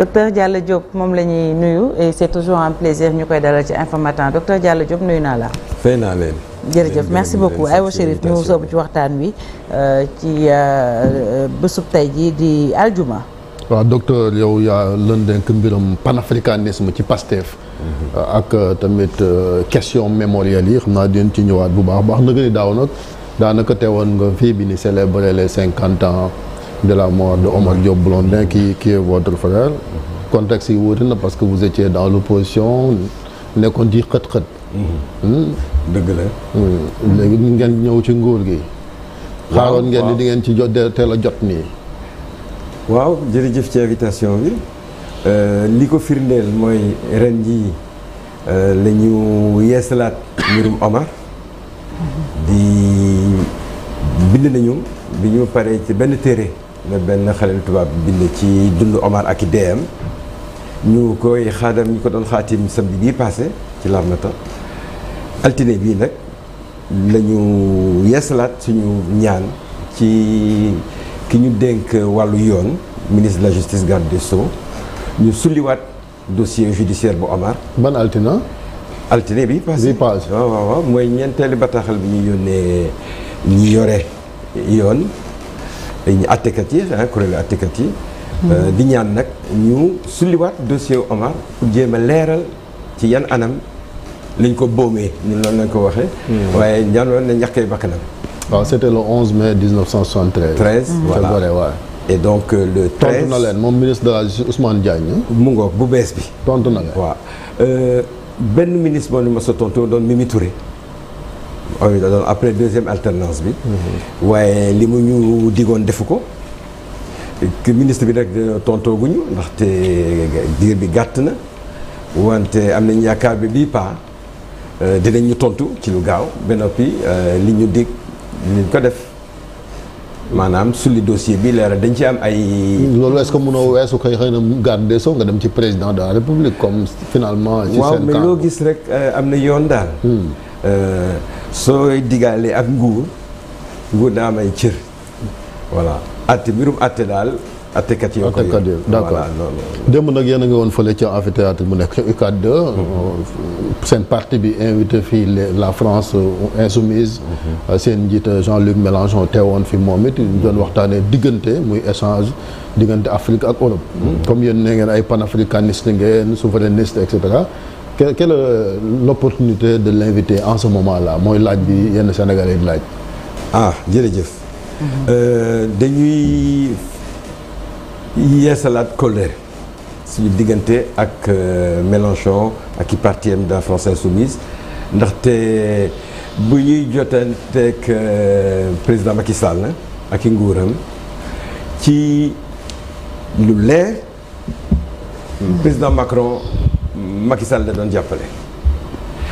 docteur Diallo Diop moom la ñuy nuyu et c'est toujours un plaisir ñu koy dalal ci Infos Matin docteur Diallo Diop nuyu naa la. fay naa leen. jërëjëf merci beaucoup aywa Chérif ñu soobu ci waxtaan wi euh, ci euh, bésub tey jii di aljuma. waaw docteur yow yaa lëndënk mbiram panafricanisme ci Pastef. Mm-hmm. ak euh, tamit question mémorielle yi xam naa dinañ ci ñëwaat bu baax baax na nga ni daaw nag daanaka teewoon nga fii bi ni célébrer les cinquante ans. de la mort de Omar Diop Blondin qui qui est votre frère. contexte yi wuute na parce que vous étiez dans position nekkoon di xët-xët. Mhm. Hmm? dëgg la. léegi ngeen ñëw ci nguur gi. xaaroon ngeen di ngeen ci jot teel jot nii. waaw jërëjëf ci invitation bi euh, li ko firndeel mooy ren jii euh, lañu ñu yeesalaat mbirum Omar. di bind nañu bi ñu paree ci benn téere. la benn xale tubaab bind ci dund Omar ak i ñu koy xaadam ñu ko doon xaatim samedi bii passé ci Larnata altine bii nag la ñu yeesalaat suñu ñaan ci ki ñu dénk wàllu yoon ministre de la justice garde des sceaux ñu sulliwaat dossier judiciaire bu Omar. ban altina. altine bi passé bi passé waaw waaw waaw mooy ñeenteeli bataaxal bi ñu yónnee ñu yore yoon. ñi attekat yi ah kuréelu attekat yi. Euh, hmm. di ñaan nag ñu sulliwaat dossier wu Omar pour jéem a leeral ci yan anam liñ ko boomee ñun loolu lañ ko waxee. Hmm. waaye ñaanoon na ñàkkee bakkanam. waaw c' était le 11 mai 1973. 13 voilà Gorée waaw. et donc euh, le 13 tontu na leen moom ministre de la justice Ousmane Diagne. mu ngoog bu bees bi. tontu na leen waaw euh, benn ministre moo ma sa tontu doon Mimi Touré. OIBDA doon après deuxième alternance bi. waaye li mu ñu digoon defu ko. ministre bi nag tontooguñu ndaxte diir bi gàtt na wante am nañ yaakaar bi bii paa euh, dinañ ñu tontu ci lu gaaw ba noppi euh, li ñu dig liñ ko def maanaam sulli dossier bi leera dañ ci am ay. loolu est-ce weesu koy xëy na garde des Sceaux nga dem ci président de la république comme finalement. ci seen waaw mais loo gis rek euh, am na yoon daal. Hmm. sooy diggaale ak nguur nguur daa am ay cër voilà atte mbirum atte daal attekat yow attekat yow d'accord dem nag yéen a ngi woon fële ca amphithéâtre mu nekk ca UCAD 2 seen parti bi invité fii la France euh, insoumise mm-hmm. euh, seen njiit euh, Jean-Luc Mélenchon woon fi moom it ñu doon waxtaanee diggante muy échange diggante Afrique ak Europe mm-hmm. comme yéen ne ngeen ay panafricaniste ngeen souverainiste et cetera que quelle est euh, l'opportunité de l'inviter en ce la mooy laaj bi yenn Sénégalais di laaj. ah jërëjëf. Mhm. Euh, dañuy yeesalaat colère suñu diggante ak euh, Mélenchon ak i parti am de la France ndaxte bu ñuy jotanteeg président Macky Sall ak i nguuram ci lu leer président Macron. Macky Sall la doon jàppale.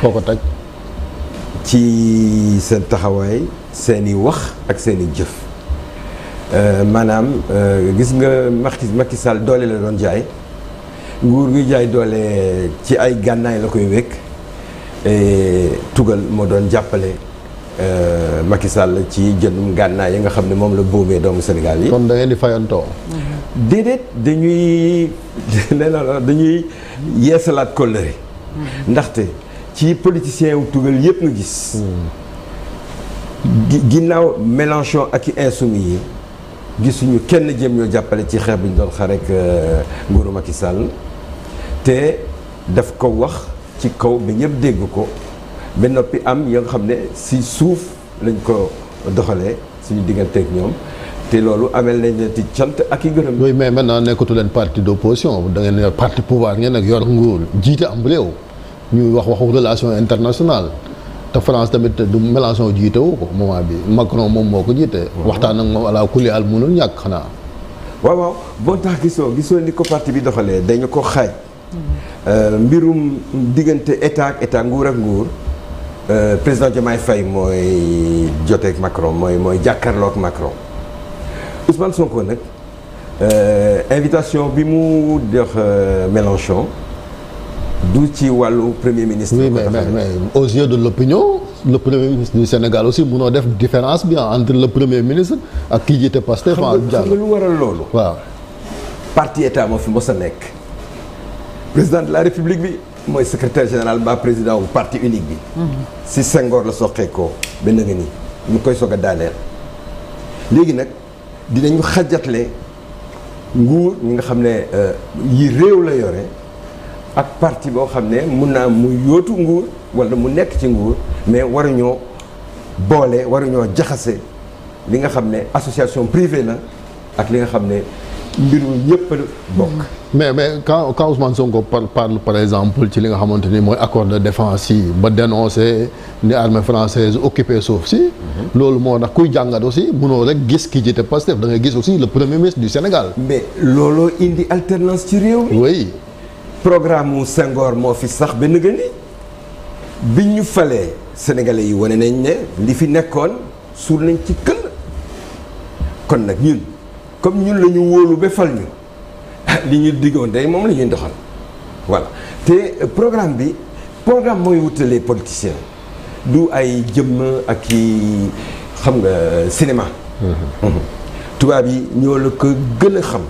foo ko taj. ci seen taxawaay seeni wax ak seeni i jëf euh, maanaam euh, gis nga Macky Macky Sall doole la doon jaay nguur gi jaay doole ci ay gànnaay la koy wékk tugal moo doon jàppale. Euh, Macky Sall ci jëndum gànnaay yi nga xam ne moom la boomee doomu senegal yi. kon da ngeen di fayantoo. déedéet dañuy dañuy yeesalaat kóllëre. ndaxte ci politiciens wu tugal yëpp nga gis. ginnaaw Mélenchon ak i yi gisuñu kenn jëm ñoo jàppale ci xeex bi ñu doon xaar ak euh, nguuru Macky te daf ko wax ci kaw bi ñëpp dégg ko. ba noppi am yoo xam ne si suuf lañ ko doxalee suñu digganteeg ñoom te loolu amel nañ leen ci ak i gërëm. oui mais naa nekkatu leen parti d'opposition da ngeen yor parti pouvoir ngeen ak yor nguur jiite am réew ñuy wax waxu relation internationale te France tamit du Mélenchon jiite wu ko moment bi Macron moom moo ko jiite. waxtaan ak moom ala kulli al munul ñàkk xanaa. waaw waaw boo tax gisoo gisoo ni ko partie bi doxalee dañu ko xaaj. Mm-hmm. Euh, mbirum diggante état ak état nguur ak Euh, président Diomaye Faye mooy joteeg Macron mooy mooy jàkkaarloog Macron Ousmane Sonko nag euh, invitation bi mu jox euh, Mélenchon du ci wàllu premier ministre. oui mais de l'opinion le premier ministre du Sénégal aussi noo def différence bi entre le premier ministre ak kii jiite Pastef. xam nga lu waral loolu. waaw. parti état moo fi mos a nekk président de la république bi. mooy secretaire général ba président wu parti unique bi. si Senghor la soqeekoo ba nga ni ñu koy soog a daaneel. léegi nag dinañu xajatle nguur ñi nga xam ne euh, yii réew la yore ak parti boo xam ne mun naa mu yóotu nguur wala mu nekk ci nguur mais waruñoo boole waruñoo jaxase li nga xam ne association privée la ak li nga xam ne. mbir mi ñëpp bokk. mais mais quand quand Ousmane Sonko par par exemple ci li nga xamante ni mooy accord de défense yi ba dénoncé ni armée française occupé suuf si. loolu moo tax kuy jàngat aussi mënoo rek gis ki jiite Pastef da ngay gis aussi le premier ministre du Sénégal. mais looloo indi alternance ci réew mi. oui. programme mu Senghor moo fi sax benn gën bi ñu falee sénégalais yi wane nañ ne li fi nekkoon suur nañ ci këll kon nag ñun. comme ñun la ñu wóolu ba fal ñu li ñu diggoon day moom la ñuy doxal voilà te programme bi programme mooy wutalee politicien du ay jëmm ak i xam nga cinéma. Mm-hmm. Mm-hmm. tubaab yi ñoo la ko gën a xam.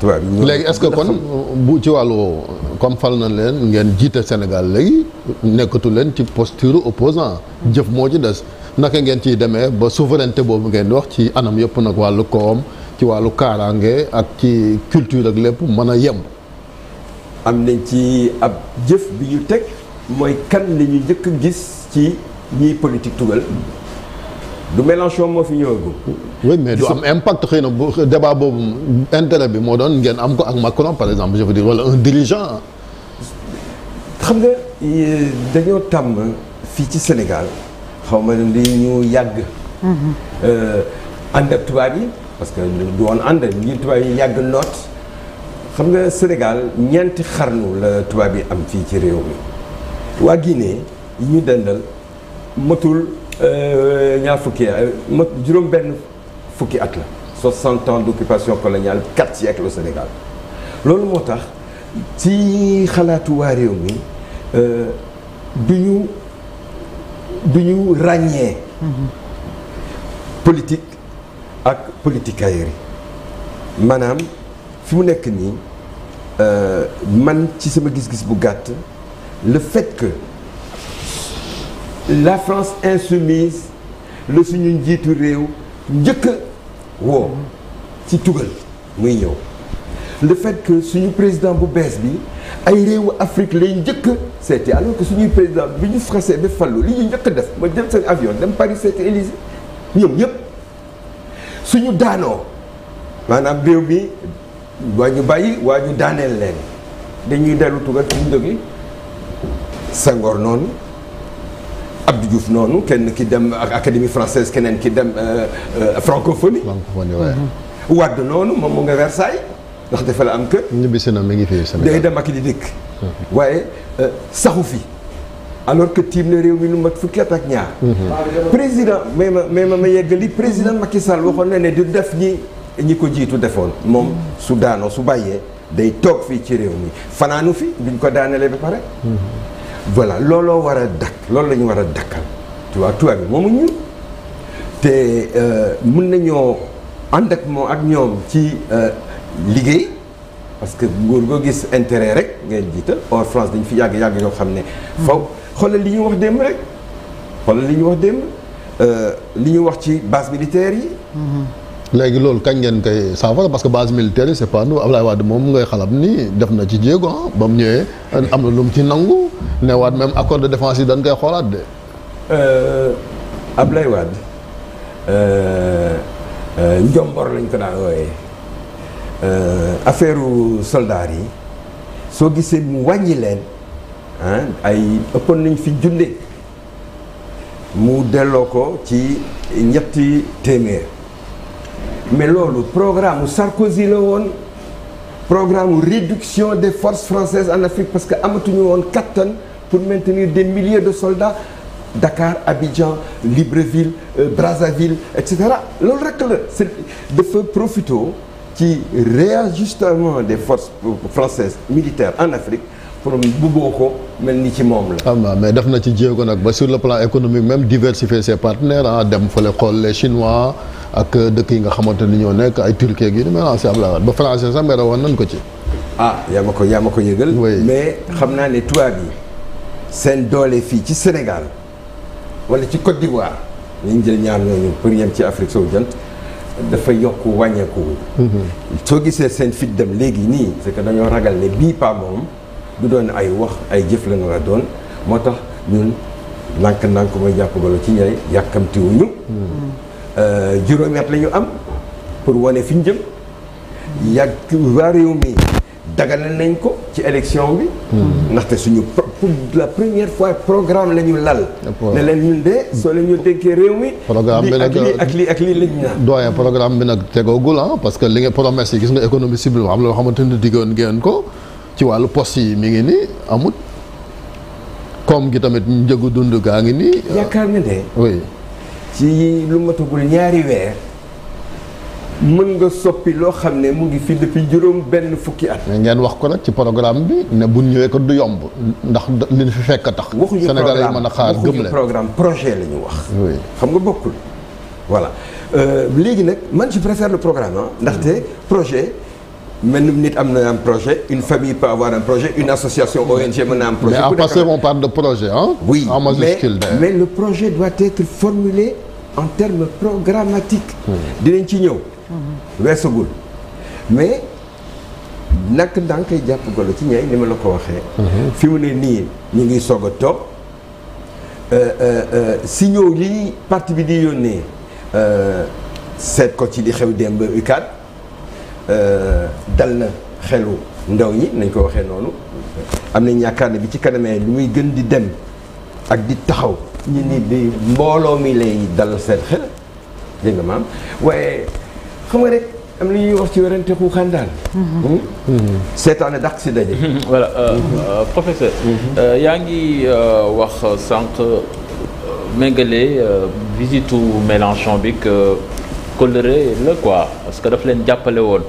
tubaab yi ñoo léegi est-ce que kon bu ci wàllu woowu comme fal na leen ngeen jiite Sénégal léegi nekkatu leen ci posture opposant jëf moo ci des. naka ngeen ciy demee ba souveraineté boobu ngeen di wax ci anam yëpp nag wàllu koom ci wàllu kaaraange ak ci culture ak lépp mën a yemb. am nañ ci ab jëf bi ñu teg mooy kan la ñu njëkk gis ci ñiy politique tugal du Mélenchon moo fi ñëwagum. oui mais du am impact xëy na bu débat boobu intérêt bi moo doon ngeen am ko ak Macron par exemple je veux dire wala un xam nga dañoo tàmm fii ci Sénégal. xaw ma ne li ñu yàgg ànd ak tubaab yi parce que du woon ànd ñi tubaab yi yàgg noot xam nga Sénégal ñeenti xarnu la tubaab yi am fii ci réew mi waa Guinée yi ñu dendal matul euh, ñaar fukki mat juróom benn fukki at la 60 ans d'occupation coloniale si siècles au Sénégal loolu moo tax ci xalaatu waa réew mi euh, bi ñu du ñu ràññee politique ak politiciens yi maanaam fi mu nekk nii euh, man ci sama gis-gis bu gàtt le fait que la France insoumise la suñu njiitu réew njëkk woo ci tugal muy ñëw le fait que suñu président bu bees bi ay réewu Afrique lay njëkk seeti alors que suñuy président bi ñu frasee ba fallu li ñu njëkk def ma dem seen avion dem Paris seeti Élysée ñoom ñëpp suñu daanoo maanaam réew bi waa ñu bàyyi waa ñu daaneel leen dañuy dellu tugal fi ñu jóge noonu Abdou Diouf noonu kenn ki dem académie française keneen ki dem euh, euh, francophonie. francophonie noonu moom mu nga Versailles ndax dafa la am kër. ñibbisi na mi ngi fi Sénégal day dem ak di dëkk. waaye euh, saxu fi. alors que tiim na réew mi lu mat fukki at ak ñaar. Mhm. président may ma may ma ma yeggali président Macky Sall waxoon na ne du def ñi ñi ko jiitu defoon. moom su daanoo su bàyyee day toog fii ci réew mi fanaanu fi biñ ko daanelee ba pare. Mhm. voilà looloo war a dakk loolu lañu war a dakkal. tubaab tubaab bi moomu ñu te euh, mën nañoo ànd ak moom ak ñoom ci. Euh, liggéey parce que nguur goo gis intérêt rek ngeen jiital or France ñu fi yàgg yàgg yoo xam ne. faw xoolal li ñu wax démb rek xoolal li ñu wax démb euh, li ñu wax ci base militaire yi. Mm-hmm. léegi loolu kañ ngeen koy saafara parce que base militaire yi c'est pas nous Ablaye Wade moom ngay xalab nii def na ci jéego ah ba mu ñëwee am na lu mu ci nangu ne waat même accord de défense yi dañ koy xoolaat de. Euh, Ablaye Wade euh, Njombor lañ ko daan wooyee. Euh, affaire soldat yi soo gisee mu wàññi leen ay ëppoon nañ fi junne mu delloo ko ci ñetti téeméer mais loolu programme Sarkozy la woon programme réduction des forces françaises en Afrique parce que amatuñu woon kattan pour maintenir des milliers de soldats Dakar Abidjan Libreville euh, Brazzaville et cetera loolu rekk la c'est dafa profitoo ci réajustement des forces françaises militaire en Afrique pour buggoo ko mel ni ci moom la. am mais def na ci jéego nag ba sur le plan économique même diversifier ses partenaires ah dem fële xool le chinois ak dëkk yi nga xamante ni ñoo nekk ay turquie gi mais ah si Abdoulaye ba français sax mais rawoon nañ ko ci. ah yaa ma ko yaa ma ko yëgal. mais xam naa ne tubaab yi seen doole fii ci Sénégal wala ci Côte d'Ivoire. ñu jël ñaar ñooñu pour yem ci Afrique sowu jant. dafa yokk wàññeekuwul mhm. soo gisee seen fit dem léegi nii c'est que dañoo ragal ne bii pas moom du doon ay wax ay jëf la nga doon moo tax ñun nànk-nànk mooy jàpp golo ci ñay yàkkamtiwuñu mhm. euh, juróomi at la ñu am pour wane fi ñu jëm yàgg waa réew mi daganal nañ ko ci élection bi mhm. ndaxte suñu pour la première fois programme la ñu lal. ne ñun de soo leen ñu réew mi. programme bi nag ak lii ak lii lañ doyen programme bi nag tegoogul ah parce que li nga promesse yi gis nga économie cible am loo xamante ni diggoon ngeen ko ci wàllu poste yi mi ngi nii amut koom gi tamit njëgu dund gaa ngi nii. yaakaar nga ne. oui. ci lu matagul ñaari weer. mën nga soppi loo xam ne mu ngi fi depuis juróom benn fukki at. ngeen wax ko nag ci programme bi ne bu ñëwee ko du yomb ndax li fi fekk tax. Sénégal yi mën a xaar gëm leen programme projet la ñu wax. xam nga bokkul. voilà euh, léegi nag man ci préfère le programme ndaxte projet. mën nit am na am projet une famille peut avoir un projet une association ONG mën na am projet. mais en de projet ah. oui en mais mais le projet doit être formulé en termes programmatiques. dinañ ci ñëw. weesagul mais nak ndànk jàpp golo ci ñay ni ma la ko waxee. Mhm. fi mu ne nii ñu ngi soog a toog euh, euh, euh, signaux yi parti bi di yónnee seet ko ci di xew démb UCAD dal na xelu ndaw ñi nañ ko waxee noonu am na yaakaar ne bi ci kanamee lu muy gën di dem ak di taxaw ñi ni di mbooloo mi lay dal seen xel dégg maam waaye. xam nga am li ñuy wax ci werante xuuxaan daal. Mhm. Hmm. seetaane dàq si daje. voilà euh, mhm. euh, professeur. Mhm. Euh, yaa ngi wax sànq méngale visitu Mélenchon bi que coloré la quoi parce que daf leen jàppale woon.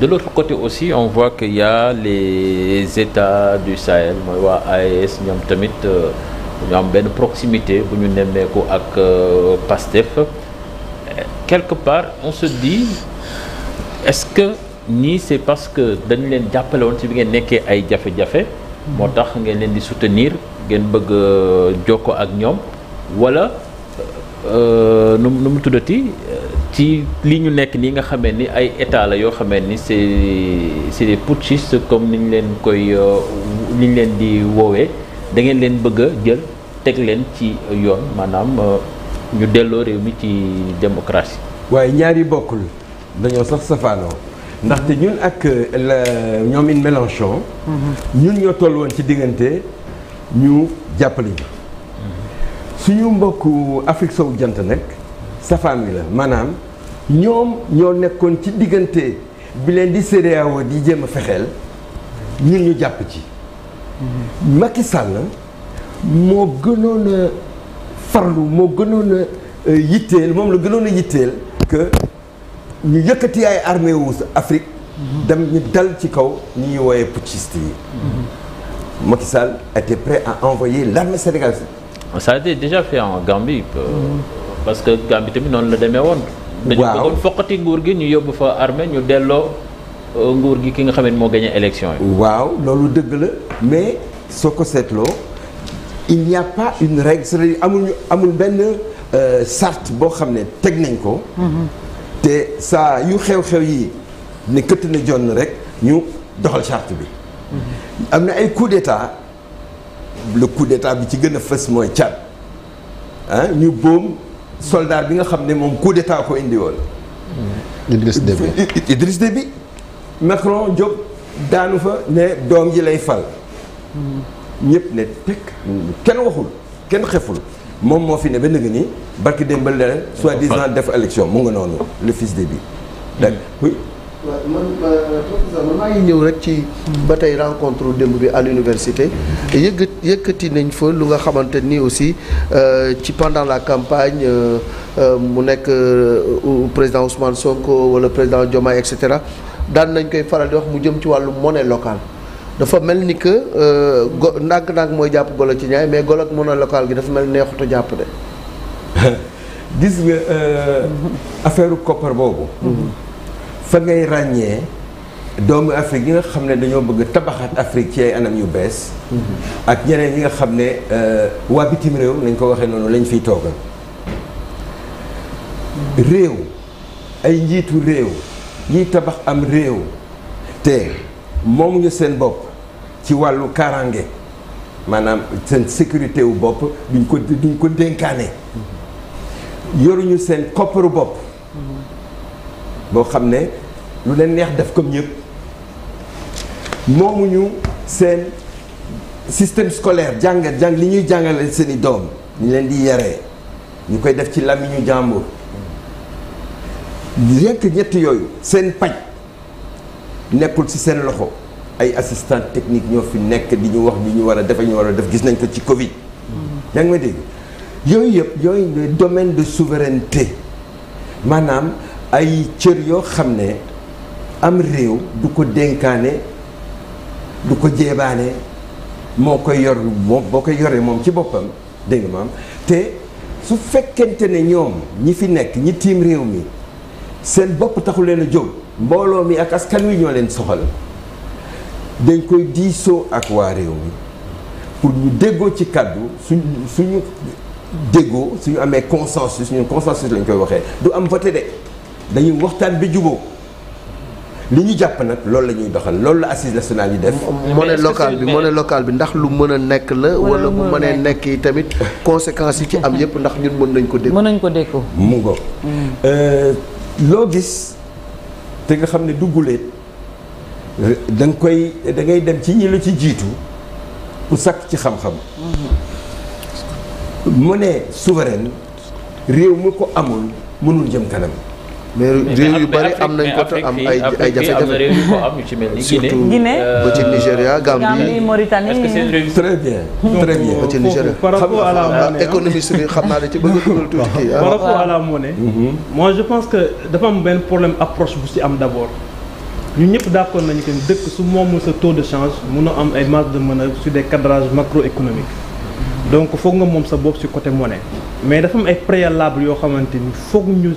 de l'autre côté aussi on voit qu'il y a les États du Sahel mooy waa AES ñoom tamit ñu am benn proximité bu ñu nemmeeku ak Pastef. quelque part on se dit est-ce que nii c'est parce que dañu leen jàppale woon ci bi ngeen nekkee ay jafe-jafe moo tax ngeen leen di soutenir ngeen bëgg euh, jokkoo ak ñoom wala euh, nu nu mu tuddati euh, ci li ñu nekk nii nga xame ni ay état la yoo xamee ni c'est c'est des putschistes comme ni ñu leen koy ni ñu leen di woowee da ngeen leen bëgg jël teg leen ci yoon maanaam ñu delloo réew mi ci démocratie. waaye ñaari bokkul dañoo sax safaanoo ndaxte ñun ak euh, la ñoom in Mélenchon ñun ñoo toll woon ci diggante ñu jàppale ñu. suñu mbokku Afrique sowu jant nag safaan wi la maanaam ñoom ñoo nekkoon ci diggante bi leen di CEDEAO di jéem a fexeel ñun ñu jàpp ci. Mhm. Macky moo gënoon farlu moo gënoon a euh, yitteel moom la gënoon a yitteel que ñu yëkkati ay armée wu Afrique dem ñu dal ci kaw ñu ñuy wooyee putschiste yi mhm. Macky Sall était prêt à envoyer l'armée sénégalaise ça a été déjà fait en Gambie euh, mhm. parce que Gambie tamit noonu la demee woon dañu bëggoon foqati nguur gi ñu yóbbu fa armée ñu delloo euh, nguur gi ki nga xam ne moo gagné élection yi waaw loolu dëgg la mais soo ko seetloo il n'y a pas une règle cest à amul amul benn euh, charte boo xam ne teg nañ ko. Mm-hmm. te saa yu xew-xew yi ne këtt na jonn rek ñu doxal charte bi. Mm-hmm. am na ay coup d'état le coup d'état bi ci gën a fës mooy Tchad ñu boom soldat bi nga xam ne moom coup d'état ko indi woon. Mm-hmm. Idriss Déby Idriss Déby Macron Diop daanu fa ne doom yi lay fal. ñëpp ne tekk kenn waxul kenn xeful moom moo fi ne ba nga nii barki démb la leen soi-disant def élection mu nga noonu le fils de bi dégg euh, man maa ngi ñëw rek ci ba tey rencontre démb bi à l'université yëkkat yëkkati nañ fa lu nga xamante ni aussi euh, ci pendant la campagne euh, mu nekk président Ousmane Sonko wala président Diomaye et cetera daan nañ koy faral di wax mu jëm ci wàllu monnaie locale. dafa mel ni que euh, go ndànk-ndànk mooy jàpp golo ci ñaay mais golo ak monolocale gi dafa mel neexutu jàpp de. gis nga euh, affaire koppar boobu. fa ngay ràññee doomu Afrique yi nga xam ne dañoo bëgg tabaxaat Afrique ci ay anam yu bees. ak ñeneen yi nga xam ne euh, waa bitim réew nañ ko waxee noonu lañ fiy toogal. réew ay njiitu réew yi tabax am réew te. moomuñu seen bopp ci wàllu kaarange maanaam seen sécurité wu bopp duñ ko duñ ko dénkaane yoruñu seen kopparu bopp boo xam ne lu leen neex def comme ñëpp moomuñu seen système scolaire jàngat jàng li ñuy jàngale seeni doom ñu leen di yaree ñu koy def ci làmmiñu jàmbur rien que ñett yooyu seen paj nekkul ci seen loxo ay assistant technique ñoo fi nekk di ñu wax di ñu war a def ñu war a def gis nañ ko ci Covid. Mm-hmm. yaa ngi may dégg yooyu yëpp yooyu domaine de souveraineté maanaam ay cër yoo xam ne am réew du ko dénkaane du ko jeebaane moo koy yor moom boo koy yoree moom ci boppam dégg maam te su fekkente ne ñoom ñi fi nekk ñi tiim réew mi seen bopp taxu leen a jóg. mbooloo mi ak askan wi ñoo leen soxal dañ koy diisoo ak waa réew mi pour ñu déggoo ci kàddu suñ suñu déggoo suñu amee consensus ñun consensus lañ koy waxee du am voté dañuy waxtaan bi juboo li ñu jàpp nag loolu la ñuy doxal loolu la assise nationale yi def. monnaie locale bi monnaie locale bi ndax lu mën a nekk la. wala bu mënee nekk yi tamit conséquences yi ci am yépp ndax ñun mën nañ ko dégg. mën nañ ko dégg. mu ngoog. Mm. Euh, gis. te nga xam ne dugguleet danga koy da ngay dem ci ñi la ci jiitu pour sakk ci xam-xam mm-hmm. mu ne souveraine réew mu ko amul mënul jëm kanam mais réew yu bari am na ko te am ay ay jafe-jafe surtout ba ci euh, Nigéria Gambie Mauritanie très bien très bien par rapport à la monnaie économiste bi xam naa da ci bëgg a dugal tuuti kii ah. par rapport à la monnaie mhm. moi je pense que dafa am benn problème approche bu ci am d'abord ñu ñëpp d'accord nañu que dëkk su moomul sa taux de change mënoo am ay marge de manœuvre sur des cadrages macroéconomiques donc foog nga moom sa bopp si côté monnaie mais dafa am ay préalable yoo xamante ni foog ñu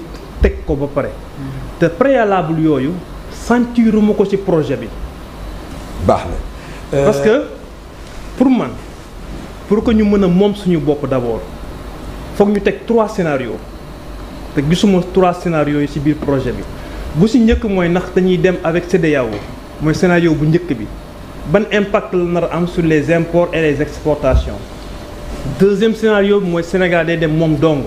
teg ko ba pare te préalable yooyu sentiruma ko ci projet bi baax na euh, parce que pour man pour que ñu mën a moom suñu bopp d'abord foog ñu teg trois scénarios te gisuma trois scénarios yi ci biir projet bi bu ci njëkk mooy ndax dañuy dem avec CEDEAO mooy scénario bu njëkk bi ban impact la nar am su les imports et les exportations deuxième scénario bi mooy Sénégal day dem moom dong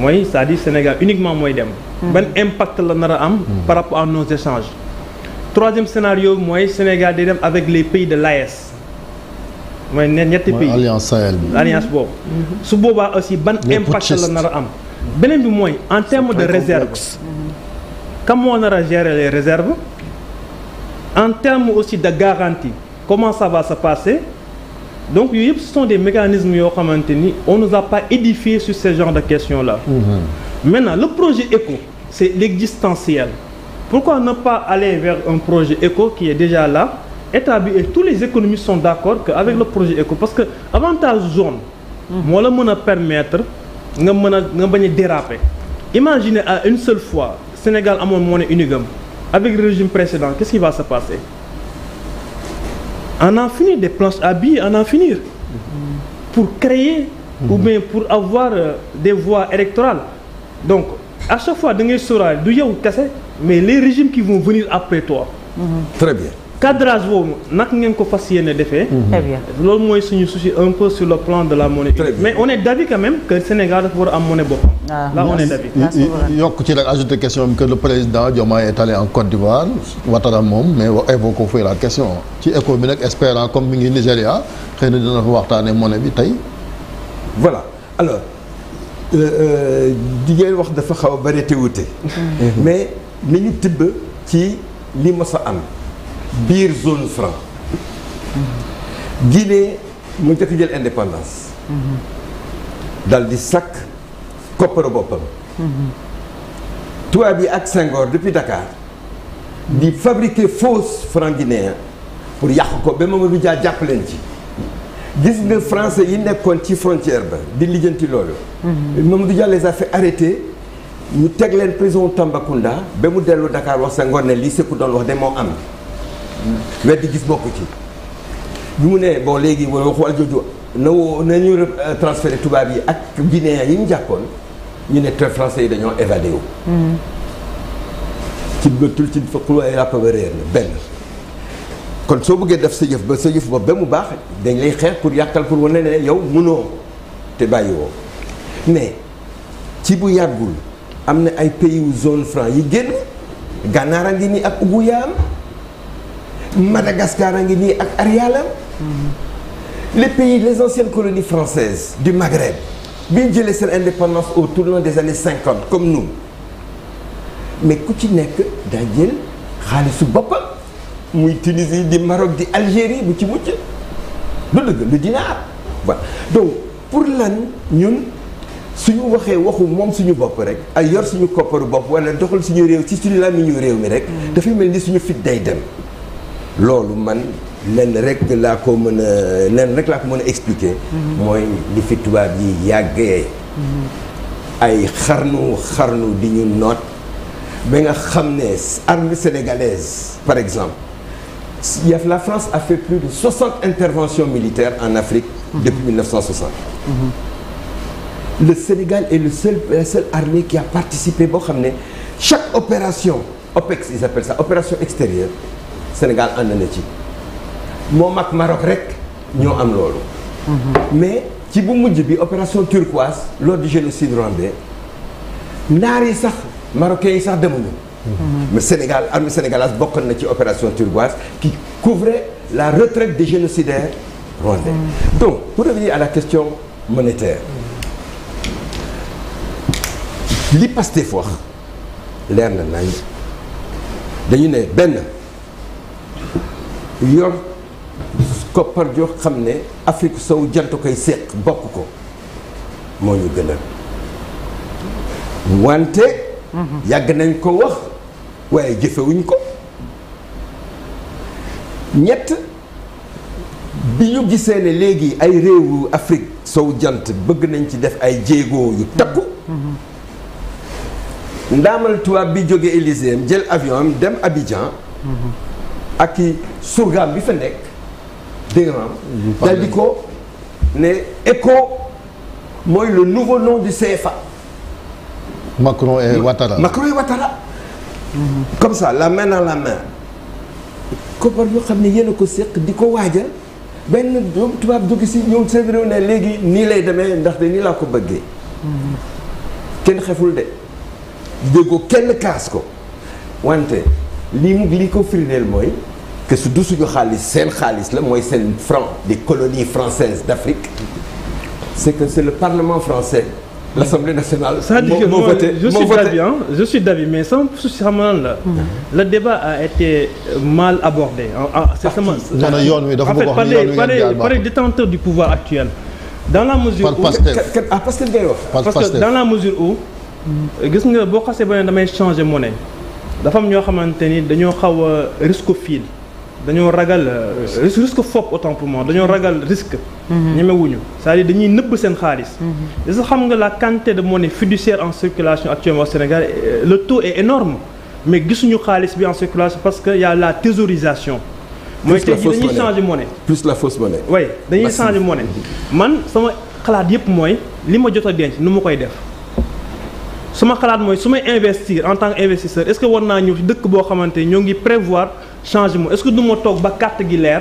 mooy cest à Sénégal uniquement mooy dem. Hmm. ban impact la nar a am. Hmm. par rapport à nos échanges. troisième scénario mooy Sénégal di dem avec les pays de l'AES. mooy ñetti pays alliance Sahel bi alliance hmm. boobu. su boobaa aussi ban impact la nara am. beneen bi mooy en terme de réserve. kan moo nar a gérer les en terme aussi de garantie comment ça va se donc yooyu yëpp ce sont des mécanismes yoo xamante ni on nous a pas édifié sur ce genre de questions là. Mmh. maintenant le projet éco c'est l'existentiel. pourquoi ne pas aller vers un projet éco qui est déjà la état bi et tous les économistes sont d'accord que avec le projet éco parce que avantage zone. Mhm. moo la mën a permettre nga mën a nga bañ a déraper. imaginez à une seule fois Sénégal amoon monnaie unique am avec le régime précédent qu'est-ce qui va se passer. en en finir des planches à billets en en finir pour créer ou mhm. bien pour avoir euh, des voies électorales donc à chaque fois da ngay sóoraale du yow kese mais les régimes qui vont venir après toi. Mhm. très bien. cadrage boobu nag ngeen ko fas yéene defee. Mhm. très bien loolu mooy suñu souci un peu sur le plan de la monnaie. mais on est d'avis quand même a am monnaie ah, yokk ci rek ajouter question bi que le président Diomaye est allé en Côte d'Ivoire Ouattara moom mais évoqué fooy la question ci écho bi nag espérant comme mi ngi Nigéria xëy na dina fa waxtaanee monnaie bi tey. voilà alors euh, euh, di ngeen wax dafa xaw a bëri te wuute mhm. mais nañu tibb ci li mos a am. biir zone franc Guinée mu njëkk jël indépendance dal di sàkk kopparu boppam tubaab bi ak Senghor depuis Dakar di fabriquer faux franc guinéen pour yàq ko ba Mamadou Dia jàpp leen ci gis nga français yi nekkoon ci frontière ba di lijjanti loolu Mamadou Dia les a fait arrêter ñu teg leen prison Tambacounda ba mu dellu Dakar wax Senghor ne lii sëkku doon wax de moo am weddi gis bokk ci bi mu ne boo léegi waxu al jooju na woo na ñu euh, transféré tubaab yi ak guinéen yi ñu jàppoon ñu ne très dañoo évadé wu. Hmm. ci bëtul ci ba réer na kon soo bëggee def sa ba sa ba mu baax dañ lay xeex pour yàqal pour wane ne yow mënoo te bàyyiwoo mais ci bu yàggul am na ay pays zone franc yi génn gànnaara ngi nii ak ugu yaam Madagascar a ngi nii ak Ariala les pays les anciennes colonies française du Maghreb bi ñu jëlee seen indépendance au tournant des années cinquante comme nous mais ku ci nekk daa jël xaalisu boppam muy Tunisie di Maroc di Algérie bu ci mucc lu dëgg lu dinaar voilà donc pour lan ñun suñu waxee waxu moom suñu bopp rek ay yor suñu kopparu bopp wala doxal suñu réew ci suñu làmmiñu réew mi rek dafay mel ni suñu fit day dem loolu man lenn rek laa ko mën a lenn rek laa ko mën a expliquer mhm. mooy li fi tubaab yi yàggee mhm. ay xarnu xarnu di ñu noot ba nga xam ne armée sénégalaise par exemple yaf la France a fait plus de 60 interventions militaires en Afrique mhm. depuis 1960 le Sénégal et le seul la qui a participé boo xam ne chaque opération OPEX ils appellent ça opération extérieure Sénégal ànd na ci moo ak Maroc rek ñoo am loolu mais ci bu mujj bi opération turquoise loolu du génocide rwandais naar yi sax marocains yi sax demuñu mhm. mais Sénégal armée sénégalaise bokkoon na ci opération turquoise qui couvrait la retraite des génocidaires rwandais mhm. donc pour revenir à la question monétaire li Pastef wax leer na nañ dañu ne benn yor koppar joo xam ne Afrique sow jant koy séq bokk ko moo ñu gënal wante yàgg nañ ko wax waaye jëfewuñ ko ñett bi ñu gisee ne léegi ay réewu Afrique sow jant bëgg nañ ci def ay jéego yu takku ndaamal tubaab bi jóge Élysée jël avion am dem Abidjan ak i surgaam bi fa nekk dégg nga maam dal di ko ne ECO mooy le nouveau nom du CFA Macron et Ouattara Macron et Ouattara comme ça la main dans la main koppar yoo xam ne yéen ko séq di ko waajal benn doom tubaab dugg si ñëw seen ne léegi nii lay demee ndaxte nii laa ko bëggee kenn xeful de déggoo kenn kaas ko wante lii mu li ko firndeel mooy que su du suñu xaalis seen xaalis la mooy seen franc des colonies françaises d'Afrique c'est que c'est le parlement français l'assemblée nationale moo moo voté je suis d'avis mais sama sama naan la le débat a été euh, mal abordé ah, c'est ah, sama yoon wi dafa bëgg a wax yoon wi par par les détenteurs du ah, gis nga boo xasee ba ne damay changer monnaie dafa am ñoo xamante ni dañoo xaw a riscophile dañoo ragal euh, risque fopp autant pour dañoo ragal risque mhm. ñemewuñu cest à dañuy nëbb seen xaalis li mhm. sa xam nga la quantité de monnaie fiduciaire en circulation actuellement au Sénégal euh, le taux et énorme mais gisuñu xaalis bi en circulation parce que y a la thésaurisation mooy tey jii dañuy changer monnaie plus la fausse monnaie oui dañuy changer monnaie man sama xalaat yëpp mooy li ma jot a denc nu ma koy def sama xalaat mooy su may investir en tant que investisseur est-ce que war naa ñëw dëkk boo xamante ñoo ngi prévoir changé est-ce que du ma toog ba carte gi leer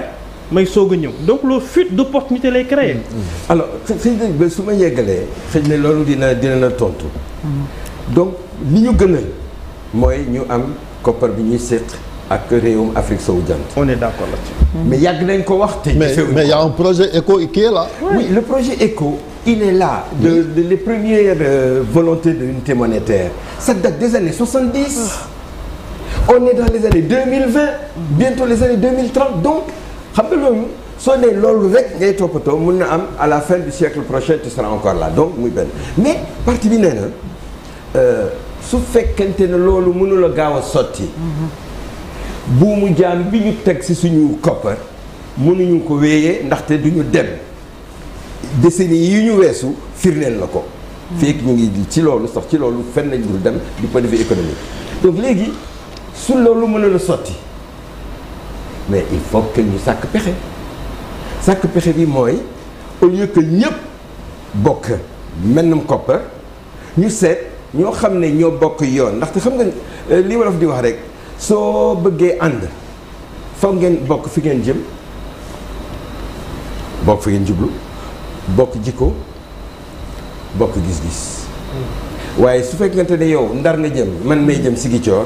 may soog a ñëw donc loolu fuite d'opportunité lay créer mm-hmm. alors sëñ ba su ma yeggalee xëy na loolu dina dina na tontu mm-hmm. donc li ñu gën mooy ñu am koppar bi ñuy seet ak réewum Afrique sowu jant. on est d'accord là-dessus. Mm-hmm. mais yàgg nañ ko wax te. mais mais y a un projet ECHO qui est le projet ECHO il est là. de de les premières euh, volontés de l'unité monétaire ça date des années on est dans les années 2020 bientôt les années 2030 donc xam nga loolu soo loolu rek ngay toppatoo mun na am à la fin du siècle prochain tu seras encore là donc muy benn mais parti bi nee euh, su fekkente ne loolu mënul gaaw a sotti buumu jaan bi ñu teg ci suñu koppar mënuñu ko wéyee ndaxte duñu dem décennies yi ñu weesu firneel la ko. fekk ñu ngi ci loolu sax ci loolu fen nañ dul dem du point de vue économique donc léegi. su loolu na la sotti mais il faut que ñu sàkk pexe sàkk pexe bi mooy au lieu que ñëpp bokk mennum koppar ñu seet ñoo xam ne ñoo bokk yoon ndaxte xam nga euh, li wolof di wax rek soo bëggee ànd foog ngeen bokk fi ngeen jëm bokk fi ngeen jublu bokk jikko bokk gis-gis hmm. waaye su fekkante ne yow ndar nga jëm man may jëm si gi coor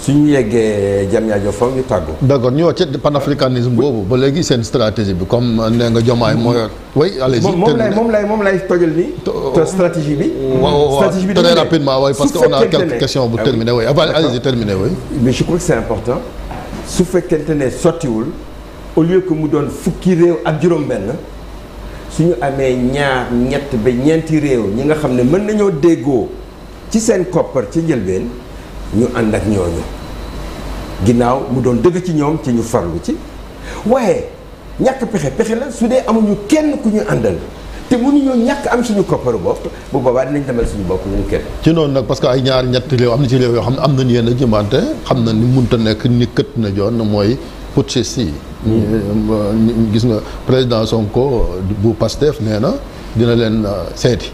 su suñu yeggee Diamniadio foofu ñu tàggu. d' accord ñu wax ci panafricanisme boobu ba léegi seen stratégie bi comme nee nga Diomaye moo yor. Mm. oui moom lay moom lay moom lay tojal ni te stratégie bi. Mm. stratégie bi très rapidement oui parce que on a quelques questions bu terminé ah oui avant allez-y terminé mais je crois su fekkente ne sottiwul au lieu que mu doon fukki réew ak juróom-benn suñu amee ñaar ñett ba ñeenti réew ñi nga xam ne mën nañoo déggoo ci seen koppar ci njëlbeen. ñu ànd ak ñooñu ginnaaw mu doon dëgg ci ñoom ci ñu farlu ci waaye ñàkk pexe pexe la su dee amuñu kenn ku ñu àndal te mënuñoo ñàkk am suñu kopparu bopp bu boobaa dinañ demal suñu bopp ñun kenn. ci noonu nag parce que ay ñaar ñetti réew am na ci réew yoo xam ne am nañu yenn jëmante xam na ni mënut a nekk ni kët na joon mooy putschistes yi. Hmm. Euh, gis nga président Sonko bu Pastef nee na dina leen euh, seeti.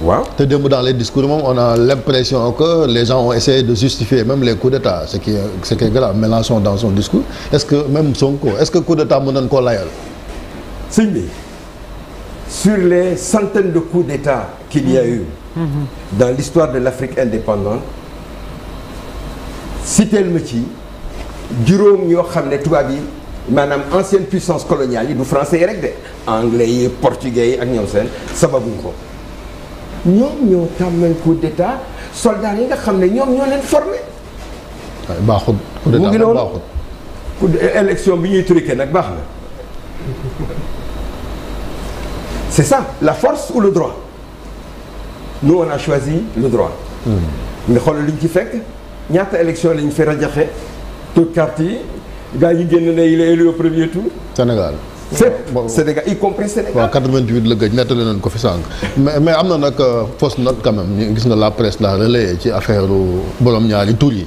waaw te démb dans les discours moom on a l'impression que les gens ont essayé de justifier même les coups d'état ce qui est ce qui est grave Mélenchon dans son discours est-ce que même Sonko est-ce que coup d'état mën nañ koo layal. sëñ bi sur les centaines de coups d'état qu'il y a eu. dans l'histoire de l'Afrique indépendante sitel ma ci juróom ñoo xam ne tubaab yi maanaam ancienne puissance coloniale yi du français yi rek de anglais yi portugais yi ak ñoom seen sababuñ ko. ñoom ñoo tàmmal coup d'état soldats yi nga xam ne ñoom ñoo leen formé. waaye baaxul coup d'état baaxul mu ngi noonu eh, élection bi ñuy truqué nag baax na. c'est ça la force ou le droit nu on a choisi le droit. nga hmm. xool liñ ci fekk ñaata élection lañ fi rajaxe. tout carte yi gaa yi génn ne il est élu au premier tour. Sénégal. fépp Sénégal y compris Sénégal. waaw 88 la gëj nettali nañ ko fi sànq mais mais am na nag euh, fausse note quand même gis nga la presse la relayé ci affaire borom ñaari tur yi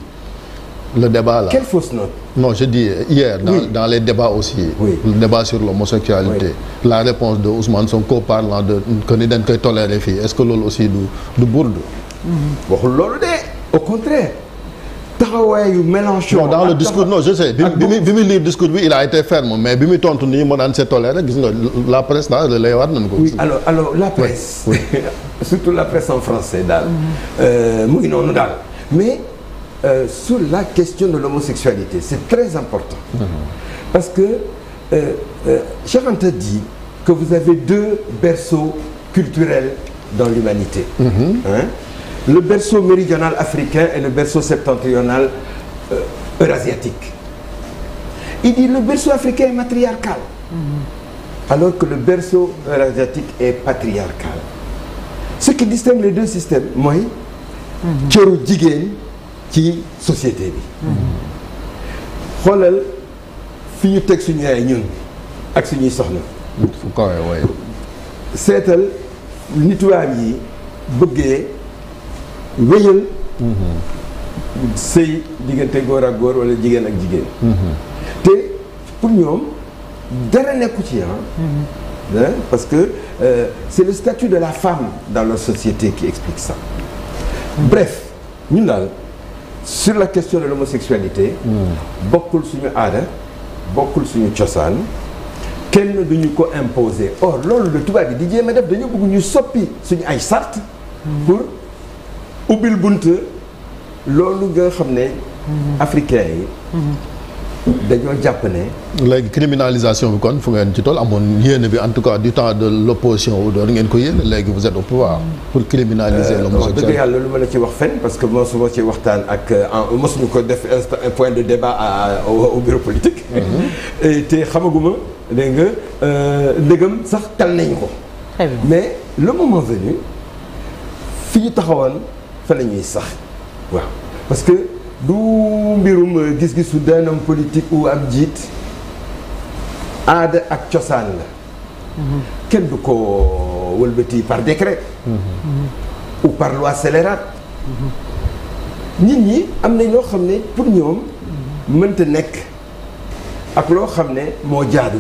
le débat la quelle fausse note. non je dis hier. dans dans les débats aussi. Oui. le débat sur l'homosexualité oui. la réponse de Ousmane Sonko parlant de que ni dañ koy tolérer fii est-ce que loolu aussi du du bourde. waxul loolu de au contraire. taxawaayu Mélenchon. non dans le discours non je sais bi bi bi discours il a été ferme mais bi muy tontu nii moo se toléré gis nga la presse daal lay la presse. en français daal. Mm-hmm. Euh, mu ngi daal mais euh, sur la question de l'homosexualité c'est très important. Mm -hmm. parce que euh, euh, Cheikh euh, Anta dit que vous avez deux berceaux culturels dans l'humanité mm-hmm. le berceau méridional africain et le berceau septentrional euh, eurasiatique. Il dit le berceau africain est matriarcal, mhm. alors que le berceau eurasiatique et patriarcal. Ce qui distingue les deux systèmes mooy mhm. cëru jigéen ci société bi. Mhm. xoolal fi ñu teg suñu yaay ñun ak suñuy soxna. fu kawe waaye. yi bëggee. wéyal mhm. sëy diggante góor ak góor wala jigéen ak jigéen mhm. te pour ñoom dara nekku ci ah parce que euh, c'est le statut de la femme dans la société qui explique ça bref ñun daal sur la question de l'homosexualité bokkul suñu aada bokkul suñu cosaan kenn duñu ko imposer or loolu la tubaab yi di jéem a def dañu bëgg ñu soppi suñu ay sart pour ubbil bunt loolu nga xam ne. africain yi. dañoo jàpp ne. léegi criminalisation bi kon fu ngeen ci tool amoon yéene bi en tout cas du temps de l' opposition doon ngeen ko yéene léegi vous êtes au pouvoir. pour criminaliser euh, l'homosexualité dëgg yàlla loolu ma la ci wax fenn parce que mosuma ci waxtaan ak euh, mosuñu ko def un point de débat à au politique. Mm-hmm. te xamaguma dégg nga euh, ndëgam sax tal nañu ko. mais le moment venu fi ñu taxawoon. fa la ñuy sax waaw parce que du mbirum gis-gisu d'un homme politique ou jiit aada ak cosaan la kenn du ko wëlbati par décret ou par loi scélérate nit ñi am na ñoo xam ne pour ñoom mënta nekk ak loo xam ne moo jaadu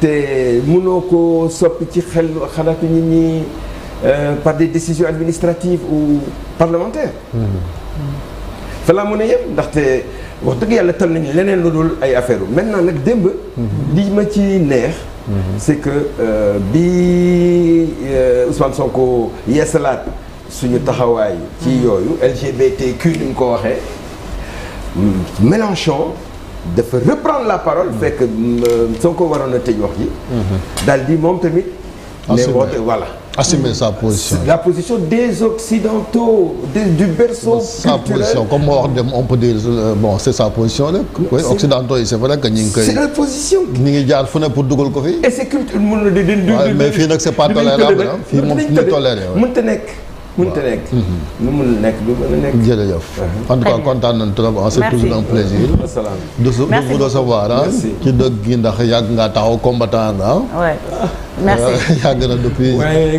te mënoo ko soppi ci xel xalaatu nit ñi Euh, par des décision administratives ou parlementaires. Hmm. fa laa mën yem ndaxte wax dëgg yàlla tal nañu leneen lu dul ay affaire maintenant nag démb. Hmm. li ma ci neex. Hmm. c'est que euh, bi euh, Ousmane Sonko yeesalaat suñu taxawaay. ci yooyu LGBTQ ni ko waxee. Mélenchon dafa reprendre la parole fekk Sonko waroon a tëj wax ji. daal di moom tamit. Ah, ne woote voilà. assumer sa position. la position des occidentaux des, du berceau sa culturel. position comme moo wax dem on peut dire euh, c'est sa position rek. Oui, yi c'est vrai que ñu ngi koy. ñi ngi jaar fu ne pour dugal ko fi. et c'est mais fii nag c'est pas tolérable fii moom nekk. mënut a nekk. nu mhm. mu nekk du mën a nekk. jërëjëf. Mhm. kontaan nañ trop ah. c'est toujours un plaisir. de vous recevoir ah. ci dëgg ndax yàgg ngaa taxaw combattant ah. merci yàgg na depuis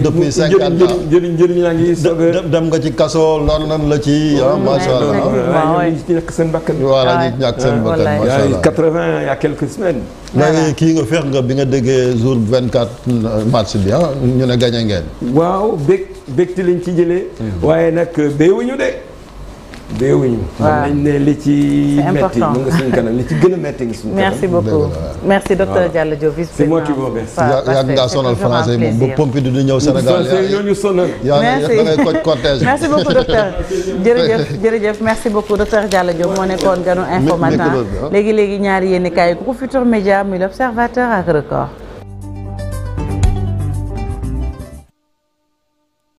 depuis cinquante ans njëriñ njëriñ laa ngi soog a dem nga ci kaso lor na la ci ah macha allah. waaw waaw ñu ñàkk seen bakkan. voilà ñu ñàkk seen bakkan macha quatre-vingts il quelques semaines. voilà kii nga feex nga bi nga déggee jour 24 mars bi ah ñu ne gagné ngeen. waaw bég bégte lañ ci jëlee. Hmm. waaye nag ñu de. deewuñu. waaw nañ ne li ci. metti mu li ci gën a metti ngi suñu kanam. merci beaucoup merci docteur Diallo Diop. vice président si motu boobu. yàgg ngaa sonal français moom ba Pompidou di ñëw Sénégal yaa ngi sonal. merci yaa ngi koy cortège. merci beaucoup docteur jërëjëf jërëjëf merci beaucoup docteur Diallo Diop moo nekkoon ganu Infos ah. léegi léegi ñaari yéen i ku Futurs Médias muy l'Observateur ak Record.